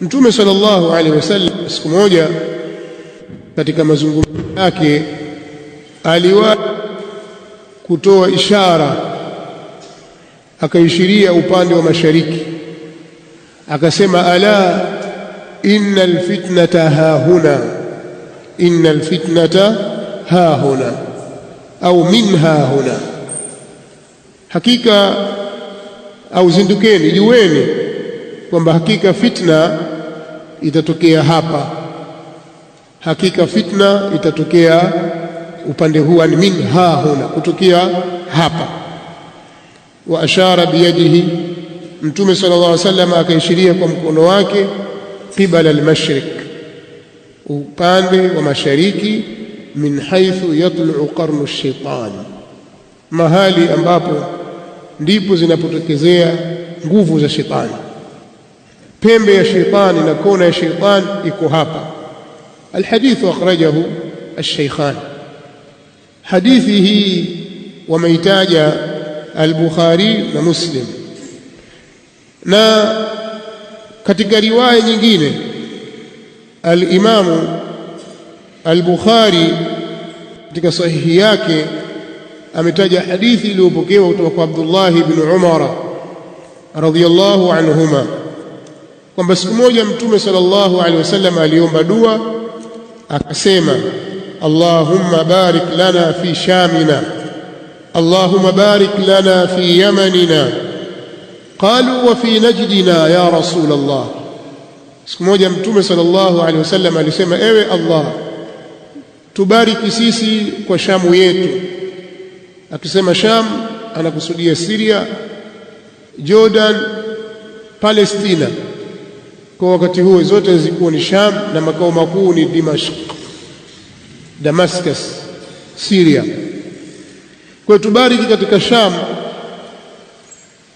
Mtume sallallahu alaihi wasallam siku moja katika mazungumzo yake aliwa kutoa ishara, akaishiria upande wa mashariki, akasema ala inna alfitnata hahuna, inna alfitnata hahuna au min hahuna, hakika au zindukeni, jueni kwamba hakika fitna itatokea hapa, hakika fitna itatokea upande huu, ni min ha huna, kutokea hapa. Wa ashara biyadihi, Mtume sallallahu alaihi wasallam akaishiria kwa mkono wake, qibala almashriq, upande wa mashariki, min haithu yatlu qarnu shaitani, mahali ambapo ndipo zinapotokezea nguvu za shetani pembe ya sheitani na kona ya sheitani iko hapa. Alhadithu akhrajahu Alshaykhan. Hadithi hii wameitaja Albukhari na Muslim, na katika riwaya nyingine Alimamu Albukhari katika sahihi yake ametaja hadithi iliyopokewa kutoka kwa Abdullahi bni Umara radhiyallahu anhuma kwamba siku moja Mtume sallallahu alaihi wasallam aliomba dua akasema, allahumma barik lana fi shamina allahumma barik lana fi yamanina qalu wa fi najdina ya rasul Allah. Siku moja Mtume sallallahu alaihi wasallam alisema, ewe Allah, tubariki sisi kwa shamu yetu. Akisema Sham anakusudia Syria, Jordan, Palestina kwa wakati huo zote zilikuwa ni Sham na makao makuu ni Dimashq, Damascus, Syria. Kwa tubariki katika Sham,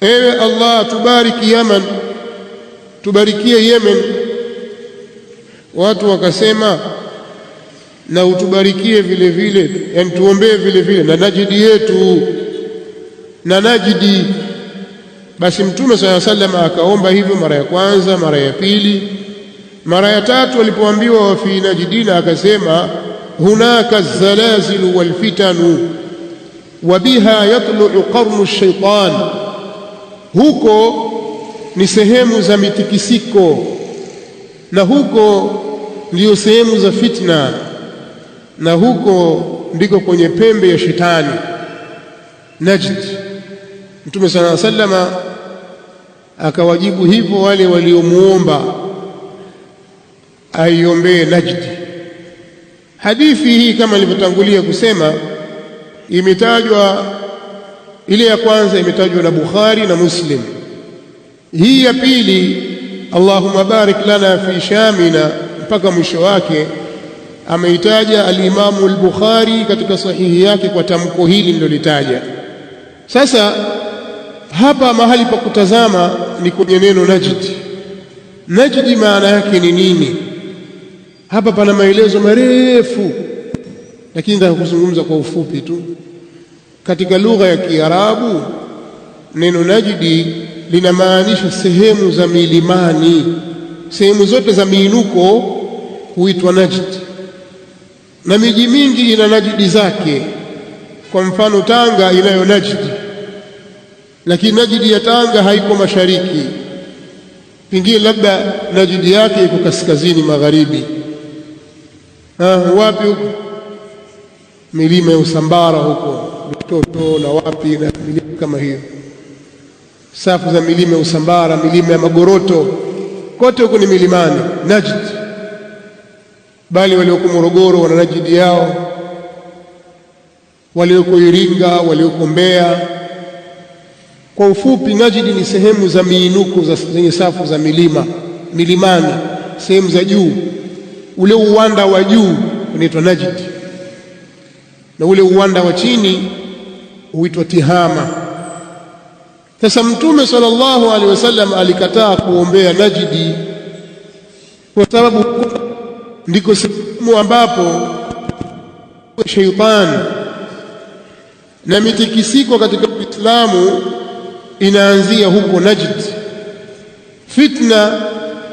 ewe Allah, tubariki Yaman, tubarikie Yemen. Watu wakasema na utubarikie vile vile, yani tuombee vile vile na Najidi yetu na Najidi basi Mtume sala sallam akaomba hivyo mara ya kwanza, mara ya pili, mara ya tatu alipoambiwa wafi najdina akasema hunaka zalazilu walfitanu wa biha yatluu qarnu shaitan, huko ni sehemu za mitikisiko na huko ndiyo sehemu za fitna na huko ndiko kwenye pembe ya shetani. Najd. Mtume sallallahu alayhi wasallam akawajibu hivyo wale waliomuomba aiombee Najdi. Hadithi hii kama nilivyotangulia kusema imetajwa, ile ya kwanza imetajwa na Bukhari na Muslim. Hii ya pili, Allahumma barik lana fi shamina, mpaka mwisho wake ameitaja alimamu al-Bukhari katika sahihi yake kwa tamko hili nilolitaja sasa hapa mahali pa kutazama ni kwenye neno Najd. Najd maana yake ni nini? Hapa pana maelezo marefu, lakini kuzungumza kwa ufupi tu. Katika lugha ya Kiarabu neno Najdi linamaanisha sehemu za milimani. Sehemu zote za miinuko huitwa Najd, na miji mingi ina Najdi zake. Kwa mfano, Tanga inayo Najdi lakini Najidi ya Tanga haiko mashariki, pengine labda Najidi yake iko kaskazini magharibi. Ha, wapi huko milima ya Usambara huko Toto na wapi na milima kama hiyo, safu za milima ya Usambara, milima ya Magoroto, kote huko ni milimani Najidi, bali walioko Morogoro wana Najidi yao, walioko Iringa, walioko Mbeya kwa ufupi, Najidi ni sehemu za miinuko zenye safu za milima milimani, sehemu za juu. Ule uwanda wa juu unaitwa Najidi na ule uwanda wa chini huitwa Tihama. Sasa Mtume sallallahu alaihi wasallam alikataa kuombea Najidi kwa sababu ndiko sehemu ambapo shaitani na mitikisiko katika Uislamu inaanzia huko Najd. Fitna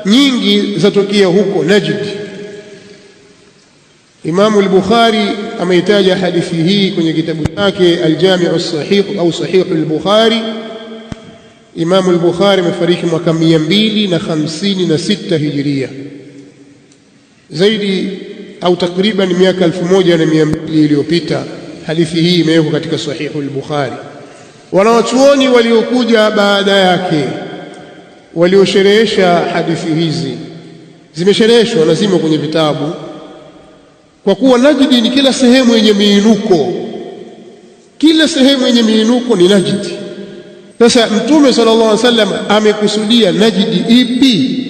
nyingi zatokea huko Najd. Imamu al-Bukhari ameitaja hadithi hii kwenye kitabu chake Al-Jami'u Sahih au Sahih al-Bukhari. Imamu al-Bukhari amefariki mwaka mia mbili na hamsini na sita hijiria, zaidi au takriban miaka elfu moja na mia mbili iliyopita. Hadithi hii imewekwa katika Sahih al-Bukhari. Wanawachuoni waliokuja baada yake waliosherehesha hadithi hizi, zimeshereheshwa lazima kwenye vitabu, kwa kuwa Najdi ni kila sehemu yenye miinuko, kila sehemu yenye miinuko ni Najdi. Sasa Mtume sallallahu alaihi wasallam amekusudia Najdi ipi?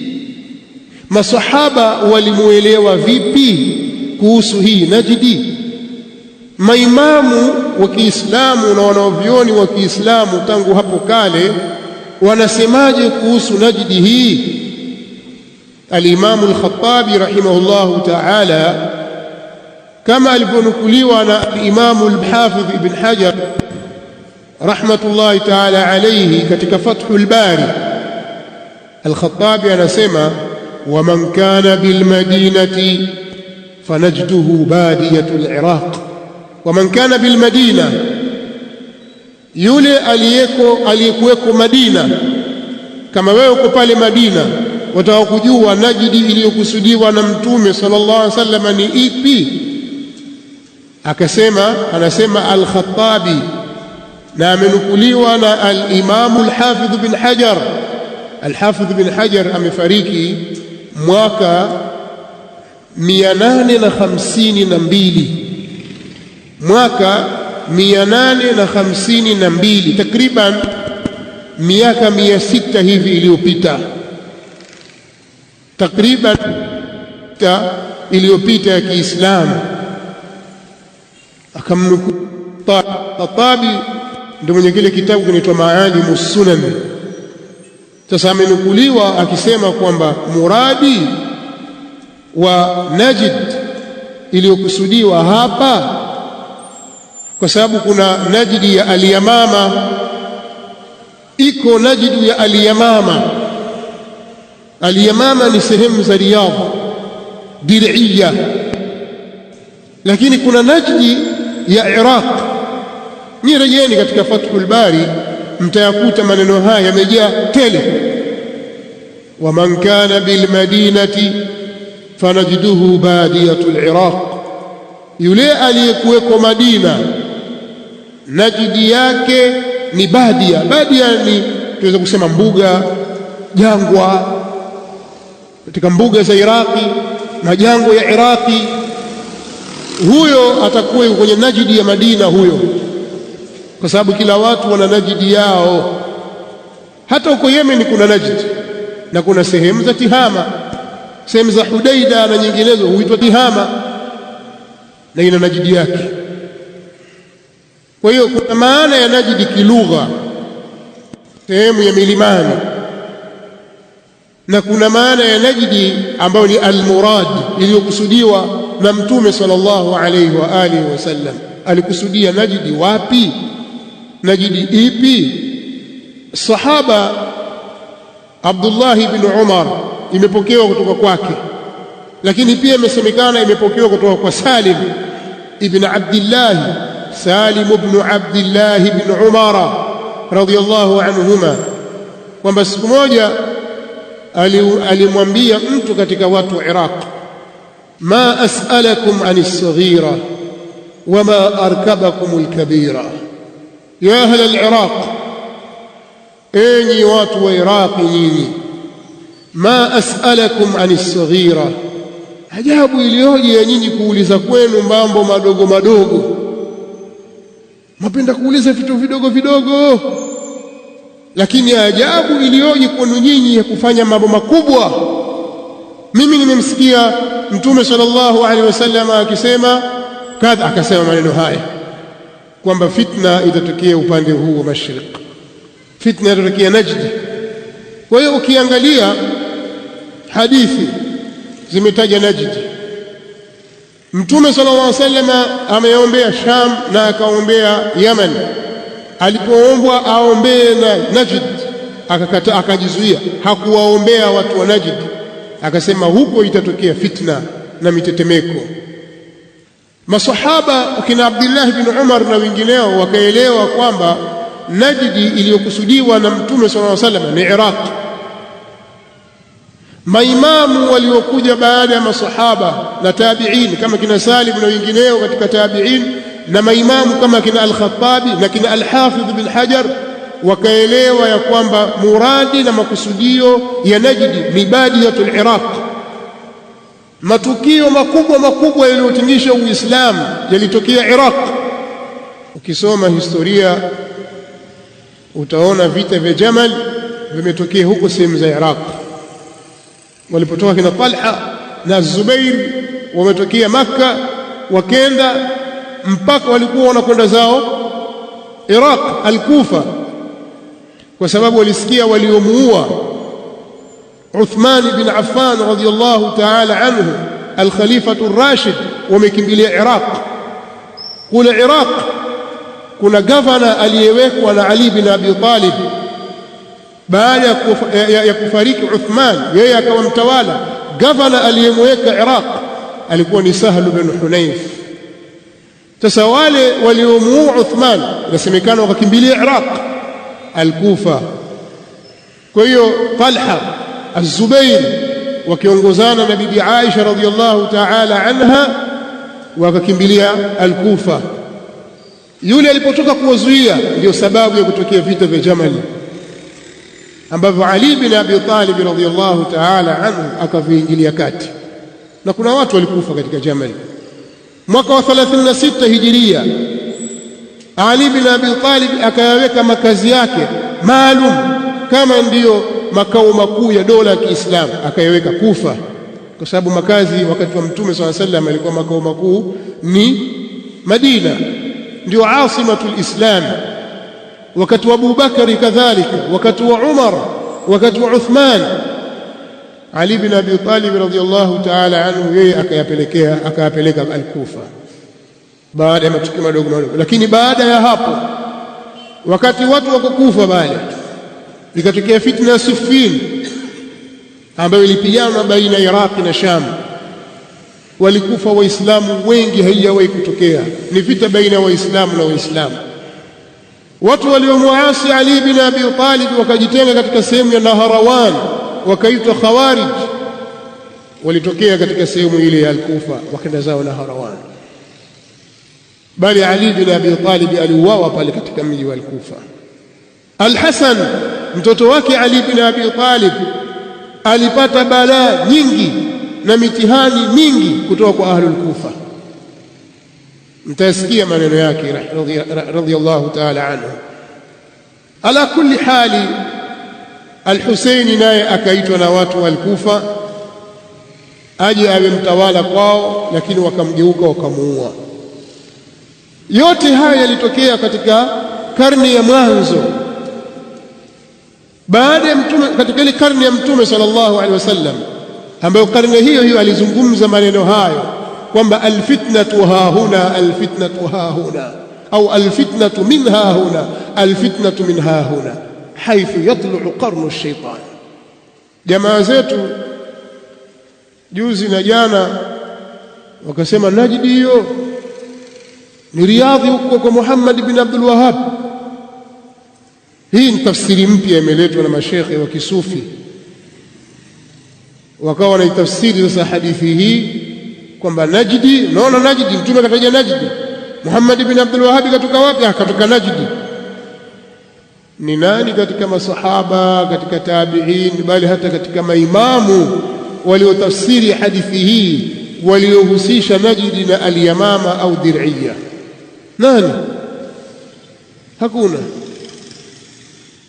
Masahaba walimuelewa vipi kuhusu hii Najdi? maimamu wa Kiislamu na wanaovioni wa Kiislamu tangu hapo kale wanasemaje kuhusu Najdi hii? Al-Imam Al-Khattabi rahimahullah ta'ala, kama alivyonukuliwa na Al-Imam Al-Hafidh Ibn Hajar rahmatullahi ta'ala alayhi katika Fathul Bari, Al-Khattabi anasema wa man kana bil madinati fanajduhu badiyatul al-Iraq wa man kana bilmadina, yule aliyeko aliyekuweko Madina. Kama wewe uko pale Madina, wataka kujua najidi iliyokusudiwa na Mtume sallallahu alaihi wasallam ni ipi? Akasema, anasema Alkhatabi na amenukuliwa na Alimamu Alhafidh bin Hajar. Alhafidh bin Hajar amefariki mwaka mia nane na hamsini na mbili mwaka mia nane na hamsini na mbili takriban miaka mia sita hivi iliyopita, takriban iliyopita ya Kiislamu. Akamnukuu Tatabi, ndio mwenye kile kitabu kinaitwa Maalimu Sunan. Sasa amenukuliwa akisema kwamba muradi wa Najd iliyokusudiwa hapa kwa sababu kuna Najdi ya Alyamama, iko Najdi ya Alyamama. Alyamama ni sehemu za Riyadh, diriya lakini kuna Najdi ya Iraq. Ni rejeni katika Fathul Bari, mtayakuta maneno haya yamejaa tele. wa man kana bil madinati fanajduhu badiyatul iraq yule aliyekuweko Madina na jiji yake ni badia. Badia ni tuweza kusema mbuga, jangwa. Katika mbuga za Iraqi, majango ya Iraqi, huyo atakuwa kwenye najidi ya Madina huyo, kwa sababu kila watu wana najidi yao. Hata huko Yemen kuna Najidi na kuna sehemu za Tihama, sehemu za Hudaida na nyinginezo huitwa Tihama na ina najidi yake. Kwa hiyo kuna maana ya Najidi kilugha, sehemu ya milimani, na kuna maana ya Najidi ambayo ni almurad, iliyokusudiwa na Mtume sallallahu alaihi wa alihi wasallam. Alikusudia Najidi wapi? Najidi ipi? Sahaba Abdullahi bin Umar imepokewa kutoka kwake, lakini pia imesemekana imepokewa kutoka kwa Salim ibn Abdillahi سالم بن عبد الله بn Umara radhiallahu anhuma kwamba siku moja alimwambia mtu katika watu wa Iraq ma as'alakum an as-saghira wama arkabakum al-kabira ya ahla al-Iraq enyi watu wa Iraq nyinyi ma as'alakum an as-saghira ajabu iliyoje ya nyinyi kuuliza kwenu mambo madogo madogo mapenda kuuliza vitu vidogo vidogo, lakini ajabu iliyoje kwenu nyinyi ya kufanya mambo makubwa. Mimi nimemsikia Mtume sallallahu alaihi wasallam akisema kadha, akasema maneno haya kwamba fitna itatokea upande huu wa mashriq, fitna itatokea Najdi. Kwa hiyo ukiangalia hadithi zimetaja Najdi Mtume sallallahu alaihi wasallam ameombea Sham na akaombea Yaman. Alipoombwa aombee na Najd akakata, akajizuia hakuwaombea watu wa Najd, akasema huko itatokea fitna na mitetemeko. Masahaba akina Abdullah bin Umar na wengineo wakaelewa kwamba Najdi iliyokusudiwa na Mtume sallallahu alaihi wasallam ni Iraq maimamu waliokuja baada ya masahaba na tabiin kama kina Salim na wengineo katika tabiin na maimamu kama kina Al-Khattabi na kina Al-Hafidh bin Hajar wakaelewa ya kwamba muradi na makusudio ya Najdi ni badiyatul Iraq. Matukio makubwa makubwa yaliyotingisha Uislamu yalitokea Iraq. Ukisoma historia utaona vita vya Jamal vimetokea huko sehemu za Iraq walipotoka kina Talha na Zubair wametokea Makka wakenda mpaka walikuwa wanakwenda zao Iraq al-Kufa, kwa sababu walisikia waliomuua Uthman bin Affan radhiyallahu ta'ala anhu alkhalifatu rashid wamekimbilia Iraq. Kule Iraq kuna gavana aliyewekwa na Ali bin Abi Talib baada ya kufariki Uthman, yeye akawa mtawala, gavana aliyemweka Iraq alikuwa ni Sahlu bin Hunayf. Sasa wale waliomuua Uthman inasemekana wakakimbilia Iraq Alkufa. Kwa hiyo Talha Azubair wakiongozana na bibi Aisha radhiyallahu ta'ala anha wakakimbilia Alkufa. Yule alipotoka kuwazuia, ndio sababu ya kutokea vita vya Jamali ambavyo Ali bin Abi Talib radhiyallahu ta'ala anhu akaviingilia kati, na kuna watu walikufa katika Jamal. Mwaka wa 36 hijiria, Ali bin Abi Talib akayaweka makazi yake maalum kama ndiyo makao makuu ya dola ya Kiislamu, akayaweka Kufa kwa sababu makazi wakati wa Mtume sala sallam alikuwa makao makuu ni Madina, ndio asimatul Islam. wakati wa Abu Bakari kadhalika, wakati wa Umar, wakati wa Uthman. Ali bin Abi Talib radhiyallahu ta'ala anhu, yeye akayapelekea akayapeleka Al-Kufa baada ya matukio madogo madogo. Lakini baada ya hapo, wakati watu wako Kufa pale, ikatokea fitna ya Siffin ambayo ilipigana baina ya Iraqi na Sham. Walikufa Waislamu wengi, haijawahi kutokea. Ni vita baina ya Waislamu na Waislamu Watu waliomwasi Ali bin Abi Talib wakajitenga katika sehemu ya Naharawan, wakaitwa Khawarij, walitokea katika sehemu ile ya alkufa kufa wakenda zao Naharawan. Bali Ali bin Abi Talib aliuawa pale katika mji wa alkufa Alhasan Al-Hasan mtoto wake Ali bin Abi Talib alipata balaa nyingi na mitihani mingi kutoka kwa ahlul Kufa mtayasikia maneno yake radhiyallahu taala anhu. Ala kulli hali, Alhuseini naye akaitwa na watu walikufa aje awe mtawala kwao, lakini wakamgeuka wakamuua. Yote haya yalitokea katika karne ya mwanzo baada ya mtume, katika ile karne ya mtume sallallahu alaihi wasallam, ambayo karne hiyo hiyo alizungumza maneno hayo kwamba alfitnatu hahuna, alfitnatu hahuna, au alfitnatu min hahuna, alfitnatu min hahuna, haithu yatluu qarnu shaitani. Jamaa zetu juzi na jana wakasema Najdi hiyo ni riadhi huko kwa Muhammad bin Abdul Wahhab. Hii ni tafsiri mpya imeletwa na mashekhe wa Kisufi, wakawa wanaitafsiri sasa hadithi hii kwamba Najdi, unaona Najdi, mtume akataja Najdi. Muhammad bin Abdul Wahhab katoka wapi? Ah, akatoka Najdi. Ni nani katika masahaba, katika tabiin, bali hata katika maimamu waliotafsiri hadithi hii waliohusisha Najdi na Alyamama au Dhir'iyya? Nani? Hakuna.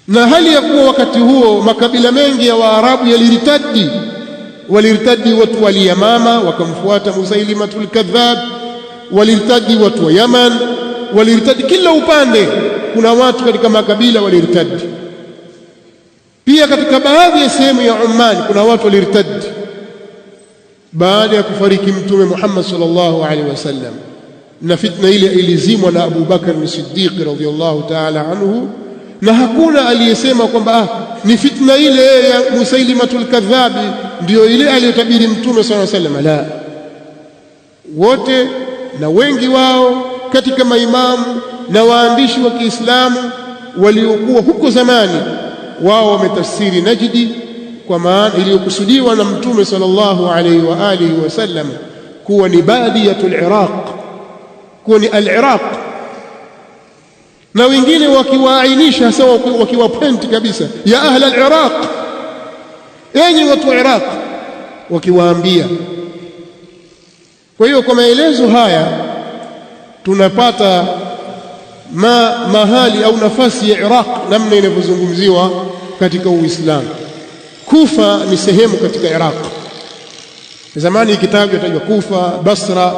Na hali ya kuwa wakati huo makabila mengi ya Waarabu yaliritadi walirtadi watu wa Yamama wakamfuata Musailimatul Kadhab, walirtadi watu wa Yaman, walirtadi kila upande. Kuna watu katika makabila walirtadi. Pia katika baadhi ya sehemu ya Oman kuna watu walirtadi baada ya kufariki Mtume Muhammad sallallahu alaihi wasallam, na fitna ile ilizimwa na Abu Bakar Siddiq radhiyallahu ta'ala anhu na hakuna aliyesema kwamba ah, ni fitna ile ya Musailimatul kadhabi ndiyo ile aliyotabiri Mtume sallallahu alaihi wasallam. La, wote na wengi wao katika maimamu na waandishi wa Kiislamu waliokuwa huko zamani, wao wametafsiri Najdi kwa maana iliyokusudiwa na Mtume sallallahu alaihi wa alihi wasallam kuwa ni badiyatul Iraq, kuwa ni al-Iraq na wengine wakiwaainisha sawa, wakiwapointi kabisa, ya ahla al-Iraq, enyi watu wa Iraq, wakiwaambia. Kwa hiyo kwa maelezo haya tunapata ma mahali au nafasi ya Iraq namna inavyozungumziwa katika Uislamu. Kufa ni sehemu katika Iraq. Zamani kitabu tajwa Kufa, Basra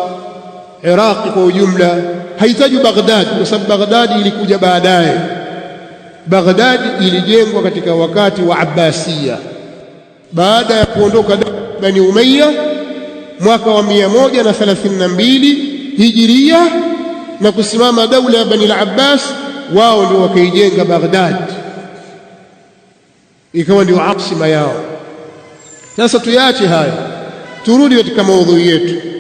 Iraqi kwa ujumla, haitaji Baghdadi kwa sababu Baghdadi ilikuja baadaye. Baghdadi ilijengwa katika wakati wa Abbasiya baada ya kuondoka Bani Umayya mwaka wa 132 Hijiria na kusimama daula ya Bani al-Abbas, wao ndio wakaijenga Baghdad, ikawa ndio aksima yao. Sasa tuyache haya, turudi katika maudhui yetu.